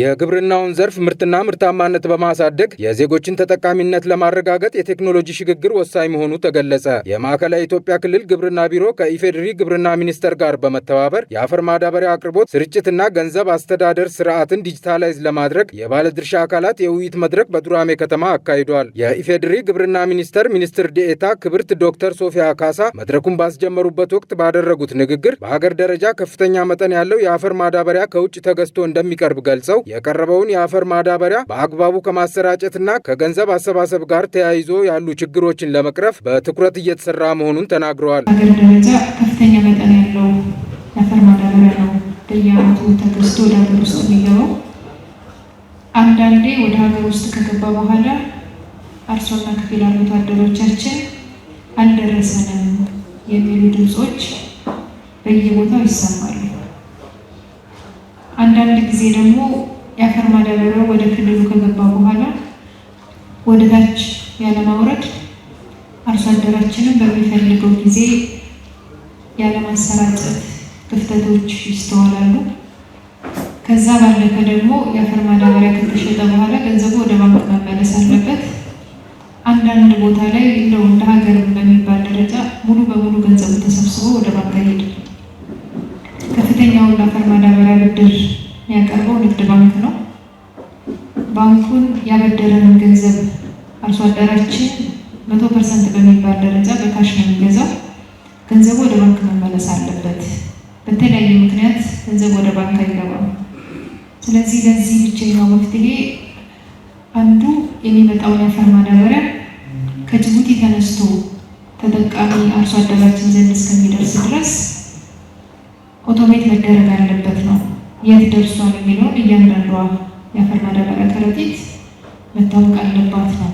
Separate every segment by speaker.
Speaker 1: የግብርናውን ዘርፍ ምርትና ምርታማነት በማሳደግ የዜጎችን ተጠቃሚነት ለማረጋገጥ የቴክኖሎጂ ሽግግር ወሳኝ መሆኑ ተገለጸ። የማዕከላዊ ኢትዮጵያ ክልል ግብርና ቢሮ ከኢፌዴሪ ግብርና ሚኒስቴር ጋር በመተባበር የአፈር ማዳበሪያ አቅርቦት ስርጭትና ገንዘብ አስተዳደር ስርዓትን ዲጂታላይዝ ለማድረግ የባለድርሻ አካላት የውይይት መድረክ በዱራሜ ከተማ አካሂዷል። የኢፌዴሪ ግብርና ሚኒስቴር ሚኒስትር ዴኤታ ክብርት ዶክተር ሶፊያ ካሳ መድረኩን ባስጀመሩበት ወቅት ባደረጉት ንግግር በሀገር ደረጃ ከፍተኛ መጠን ያለው የአፈር ማዳበሪያ ከውጭ ተገዝቶ እንደሚቀርብ ገልጸው የቀረበውን የአፈር ማዳበሪያ በአግባቡ ከማሰራጨትና ከገንዘብ አሰባሰብ ጋር ተያይዞ ያሉ ችግሮችን ለመቅረፍ በትኩረት እየተሰራ መሆኑን ተናግረዋል።
Speaker 2: ሀገር ደረጃ ከፍተኛ መጠን ያለው የአፈር ማዳበሪያ ነው በየአመቱ ተገዝቶ ወደ ሀገር ውስጥ የሚገባው። አንዳንዴ ወደ ሀገር ውስጥ ከገባ በኋላ አርሶና ክፊል አሉት አደሮቻችን አልደረሰንም የሚሉ ድምፆች በየቦታው ይሰማሉ። አንዳንድ ጊዜ ደግሞ የአፈር ማዳበሪያው ወደ ክልሉ ከገባ በኋላ ወደ ታች ያለማውረድ አርሶ አደራችንን በሚፈልገው ጊዜ ያለማሰራጨት ክፍተቶች ይስተዋላሉ። ከዛ ባለፈ ደግሞ የአፈር ማዳበሪያ ከተሸጠ በኋላ ገንዘቡ ወደ ባንክ መመለስ አለበት። አንዳንድ ቦታ ላይ እንደው እንደ ሀገር በሚባል ደረጃ ሙሉ በሙሉ ገንዘቡ ተሰብስቦ ወደ ባንክ አይሄድም። ከፍተኛውን ለአፈር ማዳበሪያ ብድር የሚያቀርበው ንግድ ባንክ ነው። ባንኩን ያበደረንን ገንዘብ አርሶ አደራችን መቶ ፐርሰንት በሚባል ደረጃ በካሽ ነው የሚገዛው። ገንዘቡ ወደ ባንክ መመለስ አለበት። በተለያየ ምክንያት ገንዘብ ወደ ባንክ አይገባም። ስለዚህ ለዚህ ብቸኛው መፍትሄ አንዱ የሚመጣውን የአፈር ማዳበሪያ ከጅቡቲ ተነስቶ ተጠቃሚ አርሶ አደራችን ዘንድ እስከሚደርስ ድረስ ኦቶሜት መደረግ አለበት ነው። የት ደርሷል የሚለውን እያንዳንዷ ከረጢት መታወቅ አለባት ነው።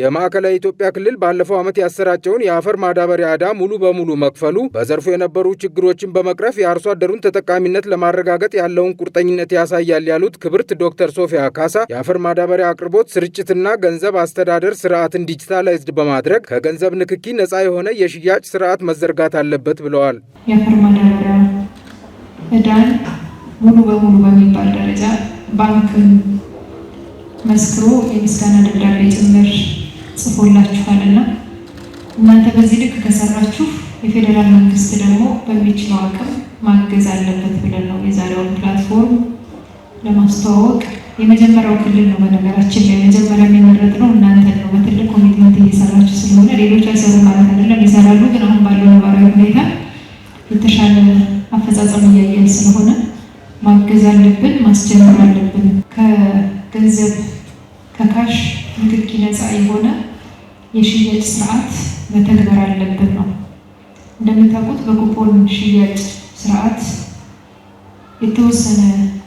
Speaker 1: የማዕከላዊ ኢትዮጵያ ክልል ባለፈው ዓመት ያሰራጨውን የአፈር ማዳበሪያ ዕዳ ሙሉ በሙሉ መክፈሉ በዘርፉ የነበሩ ችግሮችን በመቅረፍ የአርሶ አደሩን ተጠቃሚነት ለማረጋገጥ ያለውን ቁርጠኝነት ያሳያል ያሉት ክብርት ዶክተር ሶፊያ ካሳ የአፈር ማዳበሪያ አቅርቦት ስርጭትና ገንዘብ አስተዳደር ስርዓትን ዲጂታላይዝድ በማድረግ ከገንዘብ ንክኪ ነፃ የሆነ የሽያጭ ስርዓት መዘርጋት አለበት ብለዋል።
Speaker 2: የአፈር ማዳበሪያ ዕዳን ሙሉ በሙሉ በሚባል ደረጃ ባንክ መስክሮ የምስጋና ደብዳቤ ጭምር ጽፎላችኋል እና እናንተ በዚህ ልክ ከሰራችሁ የፌዴራል መንግስት ደግሞ በሚችለው አቅም ማገዝ አለበት ብለን ነው የዛሬውን ፕላትፎርም ለማስተዋወቅ የመጀመሪያው ክልል ነው። በነገራችን ላይ መጀመሪያ የሚመረጥ ነው እናንተ ነው። በትልቅ ኮሚትመንት እየሰራችሁ ስለሆነ ሌሎች አይሰሩ ማለት አይደለም፣ ይሰራሉ። ግን አሁን ባለው ነባራዊ ሁኔታ የተሻለ አፈጻጸም እያየን ስለሆነ ማገዝ አለብን፣ ማስጀመር አለብን። ከገንዘብ ከካሽ ንክኪ ነፃ የሆነ የሽያጭ ስርዓት መተግበር አለብን ነው። እንደምታውቁት በኩፖን ሽያጭ ስርዓት የተወሰነ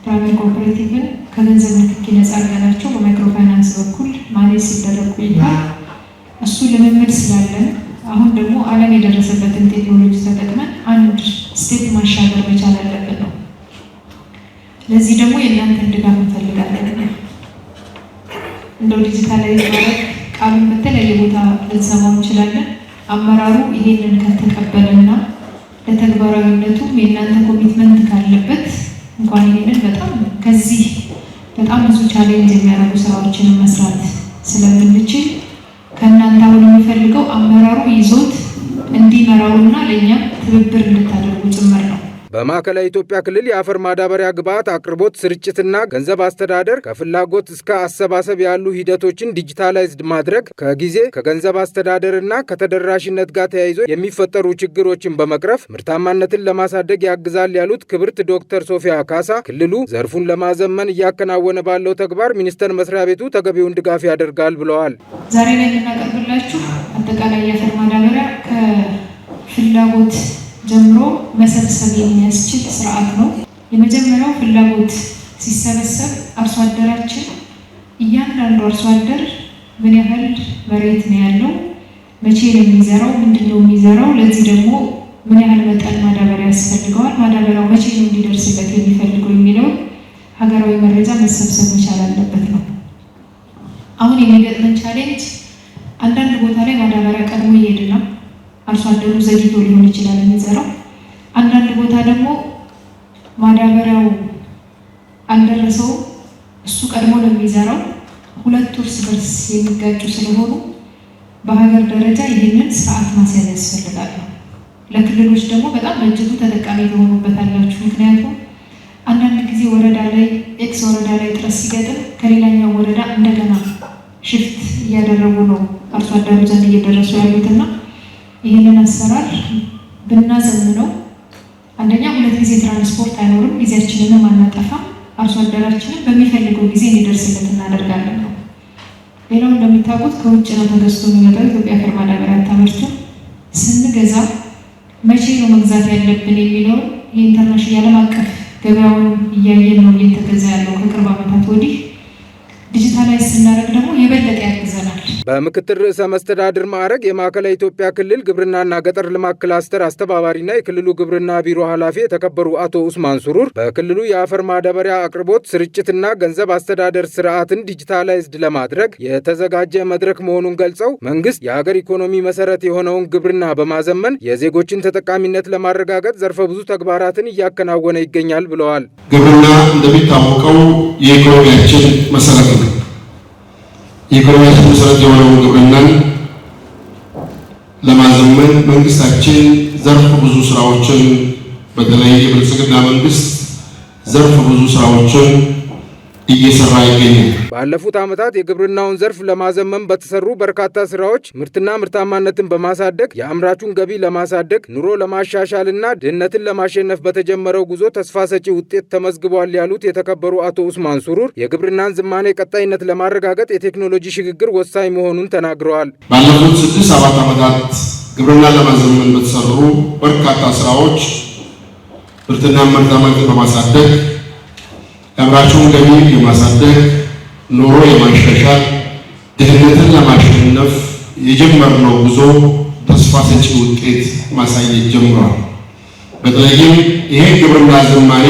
Speaker 2: ፕራይቬት ኮኦፐሬቲቭን ከገንዘብ ንክኪ ነፃ አድርገናቸው በማይክሮ ፋይናንስ በኩል ማኔጅ ሲደረግ ቆይቷል። እሱ ልምምድ ስላለን አሁን ደግሞ ዓለም የደረሰበትን ቴክኖሎጂ ተጠቅመን አንድ ስቴፕ ማሻገር መቻላለን። ለዚህ ደግሞ የእናንተን ድጋፍ እንፈልጋለን። እንደው ዲጂታላዊ ማድረግ ቃሉን በተለያየ ቦታ ልንሰማው እንችላለን። አመራሩ ይሄንን ከተቀበለና ለተግባራዊነቱም የእናንተ ኮሚትመንት ካለበት እንኳን ይሄንን በጣም ከዚህ በጣም ብዙ ቻሌንጅ የሚያደርጉ ስራዎችንም መስራት ስለምንችል ከእናንተ አሁን የሚፈልገው አመራሩ ይዞት እንዲመራውና ለእኛም ትብብር እንድታደርጉ ጭምር ነው።
Speaker 1: በማዕከላዊ ኢትዮጵያ ክልል የአፈር ማዳበሪያ ግብዓት አቅርቦት ስርጭትና ገንዘብ አስተዳደር ከፍላጎት እስከ አሰባሰብ ያሉ ሂደቶችን ዲጂታላይዝድ ማድረግ ከጊዜ ከገንዘብ አስተዳደርና ከተደራሽነት ጋር ተያይዞ የሚፈጠሩ ችግሮችን በመቅረፍ ምርታማነትን ለማሳደግ ያግዛል ያሉት ክብርት ዶክተር ሶፊያ ካሳ ክልሉ ዘርፉን ለማዘመን እያከናወነ ባለው ተግባር ሚኒስቴር መስሪያ ቤቱ ተገቢውን ድጋፍ ያደርጋል ብለዋል።
Speaker 2: ዛሬ ላይ ልናቀርብላችሁ አጠቃላይ የአፈር ማዳበሪያ ከፍላጎት ጀምሮ መሰብሰብ የሚያስችል ስርዓት ነው። የመጀመሪያው ፍላጎት ሲሰበሰብ አርሶ አደራችን እያንዳንዱ አርሶ አደር ምን ያህል መሬት ነው ያለው፣ መቼ ነው የሚዘራው፣ ምንድን ነው የሚዘራው፣ ለዚህ ደግሞ ምን ያህል መጠን ማዳበሪያ ያስፈልገዋል፣ ማዳበሪያው መቼ ነው እንዲደርስበት የሚፈልገው የሚለውን ሀገራዊ መረጃ መሰብሰብ መቻል አለበት ነው። አሁን የሚገጥመን ቻሌንጅ አንዳንድ ቦታ ላይ ማዳበሪያ ቀድሞ እየሄድ ነው። አርሶ አደሩ ዘግይቶ ሊሆን ይችላል የሚዘራው። አንዳንድ ቦታ ደግሞ ማዳበሪያው አልደረሰው እሱ ቀድሞ ነው የሚዘራው። ሁለቱ እርስ በርስ የሚጋጩ ስለሆኑ በሀገር ደረጃ ይህንን ስርዓት ማስያዝ ያስፈልጋል። ለክልሎች ደግሞ በጣም በእጅጉ ተጠቃሚ የሆኑበት አላችሁ። ምክንያቱም አንዳንድ ጊዜ ወረዳ ላይ ኤክስ ወረዳ ላይ ጥረት ሲገጥም ከሌላኛው ወረዳ እንደገና ሽፍት እያደረጉ ነው አርሶ አደሩ ዘንድ እየደረሱ ያሉትና ይህንን አሰራር ብናዘምነው አንደኛ ሁለት ጊዜ ትራንስፖርት አይኖርም፣ ጊዜያችንንም አናጠፋም፣ አርሶ አደራችንን በሚፈልገው ጊዜ እንዲደርስለት እናደርጋለን ነው። ሌላው እንደሚታወቁት ከውጭ ነው ተገዝቶ የሚመጣው ኢትዮጵያ አፈር ማዳበሪያ አታመርትም። ስንገዛ መቼ ነው መግዛት ያለብን የሚለውን የኢንተርናሽናል ዓለም አቀፍ ገበያውን እያየን ነው እየተገዛ ያለው
Speaker 1: በምክትል ርዕሰ መስተዳድር ማዕረግ የማዕከላዊ ኢትዮጵያ ክልል ግብርናና ገጠር ልማት ክላስተር አስተባባሪና የክልሉ ግብርና ቢሮ ኃላፊ የተከበሩ አቶ ኡስማን ሱሩር በክልሉ የአፈር ማዳበሪያ አቅርቦት ስርጭትና ገንዘብ አስተዳደር ስርዓትን ዲጂታላይዝድ ለማድረግ የተዘጋጀ መድረክ መሆኑን ገልጸው መንግስት የሀገር ኢኮኖሚ መሰረት የሆነውን ግብርና በማዘመን የዜጎችን ተጠቃሚነት ለማረጋገጥ ዘርፈ ብዙ ተግባራትን እያከናወነ ይገኛል ብለዋል።
Speaker 3: ግብርና እንደሚታወቀው የኢኮኖሚያችን መሰረት ነው። የኢኮኖሚያችን መሰረት የሆነውን ግብርናን ለማዘመን መንግስታችን ዘርፍ ብዙ ስራዎችን በተለይ የብልጽግና መንግስት ዘርፍ ብዙ ስራዎችን እየሰራ ይገኛል።
Speaker 1: ባለፉት ዓመታት የግብርናውን ዘርፍ ለማዘመን በተሰሩ በርካታ ስራዎች ምርትና ምርታማነትን በማሳደግ የአምራቹን ገቢ ለማሳደግ ኑሮ ለማሻሻልና ድህነትን ለማሸነፍ በተጀመረው ጉዞ ተስፋ ሰጪ ውጤት ተመዝግቧል ያሉት የተከበሩ አቶ ኡስማን ሱሩር የግብርናን ዝማኔ ቀጣይነት ለማረጋገጥ የቴክኖሎጂ ሽግግር ወሳኝ መሆኑን ተናግረዋል።
Speaker 3: ባለፉት ስድስት ሰባት ዓመታት ግብርና ለማዘመን በተሰሩ በርካታ ስራዎች ምርትና ምርታማነትን በማሳደግ የአምራቹን ገቢ የማሳደግ ኑሮ የማሻሻል ድህነትን ለማሸነፍ የጀመርነው ጉዞ ተስፋ ሰጪ ውጤት ማሳየት ጀምሯል። በተለይም ይሄ ግብርና ዝማሬ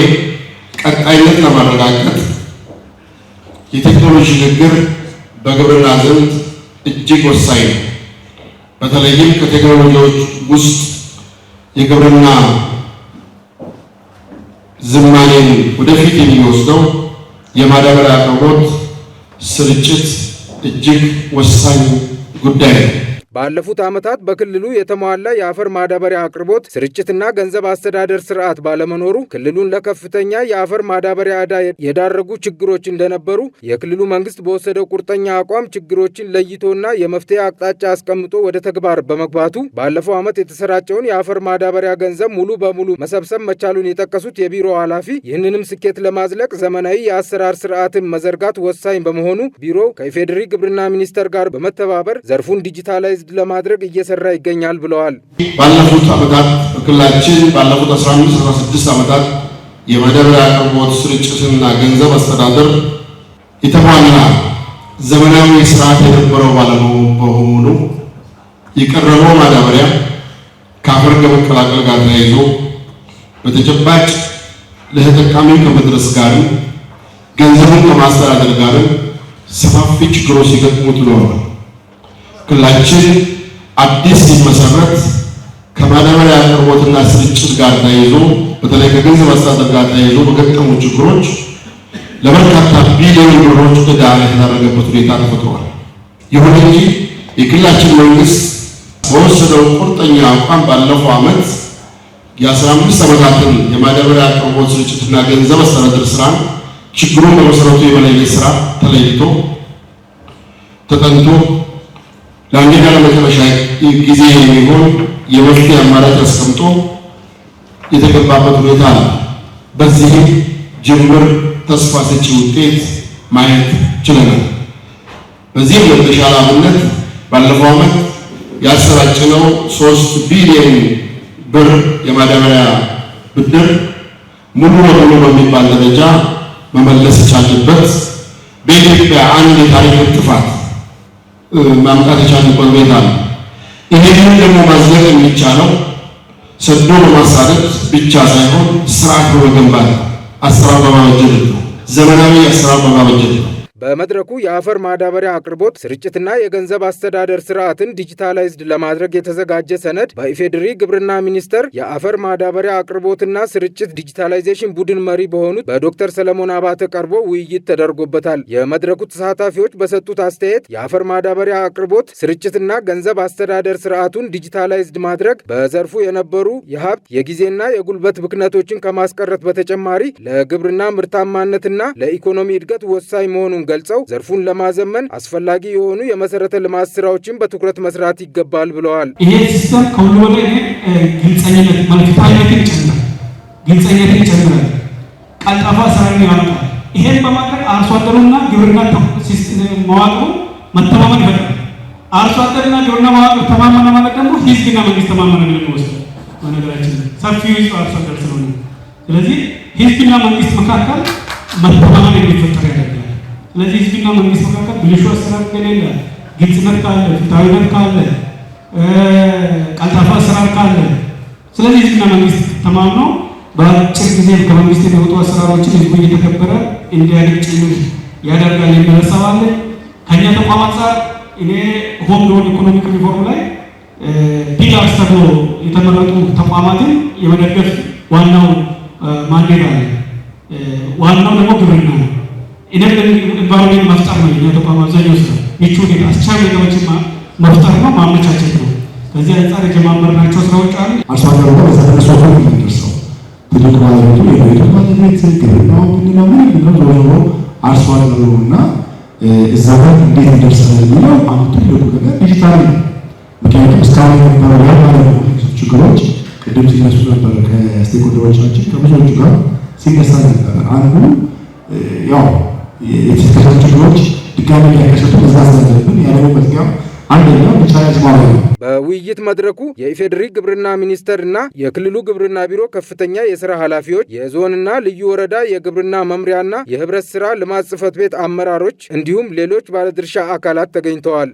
Speaker 3: ቀጣይነት ለማረጋገጥ የቴክኖሎጂ ሽግግር በግብርና ዘንድ እጅግ ወሳኝ ነው። በተለይም ከቴክኖሎጂዎች ውስጥ የግብርና ዩክሬን ወደፊት የሚወስደው የማዳበሪያ አቅርቦት ስርጭት እጅግ ወሳኝ ጉዳይ ነው።
Speaker 1: ባለፉት ዓመታት በክልሉ የተሟላ የአፈር ማዳበሪያ አቅርቦት ስርጭትና ገንዘብ አስተዳደር ስርዓት ባለመኖሩ ክልሉን ለከፍተኛ የአፈር ማዳበሪያ ዕዳ የዳረጉ ችግሮች እንደነበሩ የክልሉ መንግስት በወሰደው ቁርጠኛ አቋም ችግሮችን ለይቶና የመፍትሄ አቅጣጫ አስቀምጦ ወደ ተግባር በመግባቱ ባለፈው ዓመት የተሰራጨውን የአፈር ማዳበሪያ ገንዘብ ሙሉ በሙሉ መሰብሰብ መቻሉን የጠቀሱት የቢሮ ኃላፊ ይህንንም ስኬት ለማዝለቅ ዘመናዊ የአሰራር ስርዓትን መዘርጋት ወሳኝ በመሆኑ ቢሮው ከኢፌዴሪ ግብርና ሚኒስቴር ጋር በመተባበር ዘርፉን ዲጂታላይዝ ህዝብ ለማድረግ እየሰራ ይገኛል ብለዋል።
Speaker 3: ባለፉት ዓመታት በክልላችን ባለፉት 15 16 ዓመታት የመደበሪያ አቅርቦት ስርጭትና ገንዘብ አስተዳደር የተሟላ ዘመናዊ ስርዓት የነበረው ባለመሆኑ የቀረበው ማዳበሪያ ከአፈር ከመቀላቀል ጋር ተያይዞ በተጨባጭ ለተጠቃሚው ከመድረስ ጋር ገንዘቡን ከማስተዳደር ጋር ሰፋፊ ችግሮች ሲገጥሙት ኖረዋል። ክልላችን አዲስ ሲመሰረት ከማዳበሪያ አቅርቦትና ስርጭት ጋር ተያይዞ በተለይ ከገንዘብ አስተዳደር ጋር ተያይዞ በገጠሙ ችግሮች ለበርካታ ቢሊዮን ብሮች ዕዳ የተዳረገበት ሁኔታ ተፈጥሯል። ይሁን እንጂ የክልላችን መንግስት በወሰደው ቁርጠኛ አቋም ባለፈው ዓመት የአስራ አምስት ዓመታትን የማዳበሪያ አቅርቦት ስርጭትና ገንዘብ አስተዳደር ስራን ችግሩን በመሰረቱ የመለየት ስራ ተለይቶ ተጠንቶ ለአንዴና ለመጨረሻ ጊዜ የሚሆን የመፍትሄ አማራጭ አስቀምጦ የተገባበት ሁኔታ ነው። በዚህም ጅምር ተስፋ ሰጪ ውጤት ማየት ችለናል። በዚህም ለተሻለ አብነት ባለፈው ዓመት ያሰራጭነው ሶስት ቢሊዮን ብር የማዳበሪያ ብድር ሙሉ በሙሉ በሚባል ደረጃ መመለስ ቻለበት። በኢትዮጵያ አንድ የታሪክ ጥፋት ማምጣት የቻሉበት ሁኔታ ነው። ይሄንን ደግሞ ማዝለቅ የሚቻለው ሰዶ በማሳደድ ብቻ ሳይሆን ስርዓት በመገንባት አሰራር በማበጀት ነው። ዘመናዊ አሰራር በማበጀት ነው።
Speaker 1: በመድረኩ የአፈር ማዳበሪያ አቅርቦት ስርጭትና የገንዘብ አስተዳደር ስርዓትን ዲጂታላይዝድ ለማድረግ የተዘጋጀ ሰነድ በኢፌዴሪ ግብርና ሚኒስቴር የአፈር ማዳበሪያ አቅርቦትና ስርጭት ዲጂታላይዜሽን ቡድን መሪ በሆኑት በዶክተር ሰለሞን አባተ ቀርቦ ውይይት ተደርጎበታል። የመድረኩ ተሳታፊዎች በሰጡት አስተያየት የአፈር ማዳበሪያ አቅርቦት ስርጭትና ገንዘብ አስተዳደር ስርዓቱን ዲጂታላይዝድ ማድረግ በዘርፉ የነበሩ የሀብት የጊዜና የጉልበት ብክነቶችን ከማስቀረት በተጨማሪ ለግብርና ምርታማነትና ለኢኮኖሚ እድገት ወሳኝ መሆኑን ገልጸው ዘርፉን ለማዘመን አስፈላጊ የሆኑ የመሰረተ ልማት ስራዎችን በትኩረት መስራት ይገባል ብለዋል።
Speaker 4: ይሄ ሲስተም ከሁሉ ወደ ግልጸኝነት መልክታዊነትን ይጨምራል፣ ግልጸኝነትን ይጨምራል፣ ቀልጣፋ ስራ ያመጣል። ይሄን በማድረግ አርሶ አደሩና ግብርና መዋቅሩ መተማመን ይፈጥራል። አርሶ አደርና ግብርና መዋቅር ተማመነ ማለት ደግሞ ህዝብና መንግስት ተማመነ ብለን ወስደ በነገራችን ሰፊ ውስጥ አርሶ አደር ስለሆነ ስለዚህ ህዝብና መንግስት መካከል መተማመን የሚፈጠር ያለ ስለዚህ ህዝብና መንግስት መካከል ብልሹ አሰራር ከሌለ፣ ግልጽነት ካለ፣ ፍትሃዊነት ካለ፣ ቀልጣፋ አሰራር ካለ ስለዚህ ህዝብና መንግስት ተማምነው በአጭር ጊዜ ከመንግስት የሚወጡ አሰራሮችን ህዝቡ እየተከበረ እንዲያድግ ጭምር ያደርጋል የሚል ሀሳብ አለ። ከእኛ ተቋም አንጻር እኔ ሆም ሎን ኢኮኖሚክ ሪፎርም ላይ ፒላርስ ተብሎ የተመረጡ ተቋማትን የመደገፍ ዋናው ማንዴት አለ። ዋናው ደግሞ ግብርና ኢንቫይሮንሜንት መፍጠር ነው የኛ ተቋም አብዛኛው ስራ ምቹ ሁኔታ አስቻይ ነገሮችን መፍጠር ነው ማመቻቸት ነው። ከዚህ አንጻር የጀማመርናቸው ስራዎች አሉ።
Speaker 3: አርሶ አደሩ በተነሱ ሁሉ የሚደርሰው ትልቅ ባለቤቱ የቤቱ ባለቤት ግብርናው ምንለው ምንለው ዞሮ ዞሮ አርሶ አደሩ እና እዛ ጋር እንዴት ይደርሳል የሚለው አሁን ትልቁ ነገር ዲጂታል ነው። ምክንያቱም እስካሁን የነበረው ያ ነው ችግሮች ቅድም ሲነሱ ነበር ከስቴክሆልደሮቻችን ከብዙዎቹ ጋር ሲነሳ ነበር አንዱ ያው ችግሮች ድጋሚ እንዳይከሰቱ መዛዝ አለብን። ያለው አንደኛው ማለት ነው።
Speaker 1: በውይይት መድረኩ የኢፌዴሪ ግብርና ሚኒስቴር እና የክልሉ ግብርና ቢሮ ከፍተኛ የስራ ኃላፊዎች፣ የዞንና ልዩ ወረዳ የግብርና መምሪያና የህብረት ስራ ልማት ጽህፈት ቤት አመራሮች እንዲሁም ሌሎች ባለድርሻ አካላት ተገኝተዋል።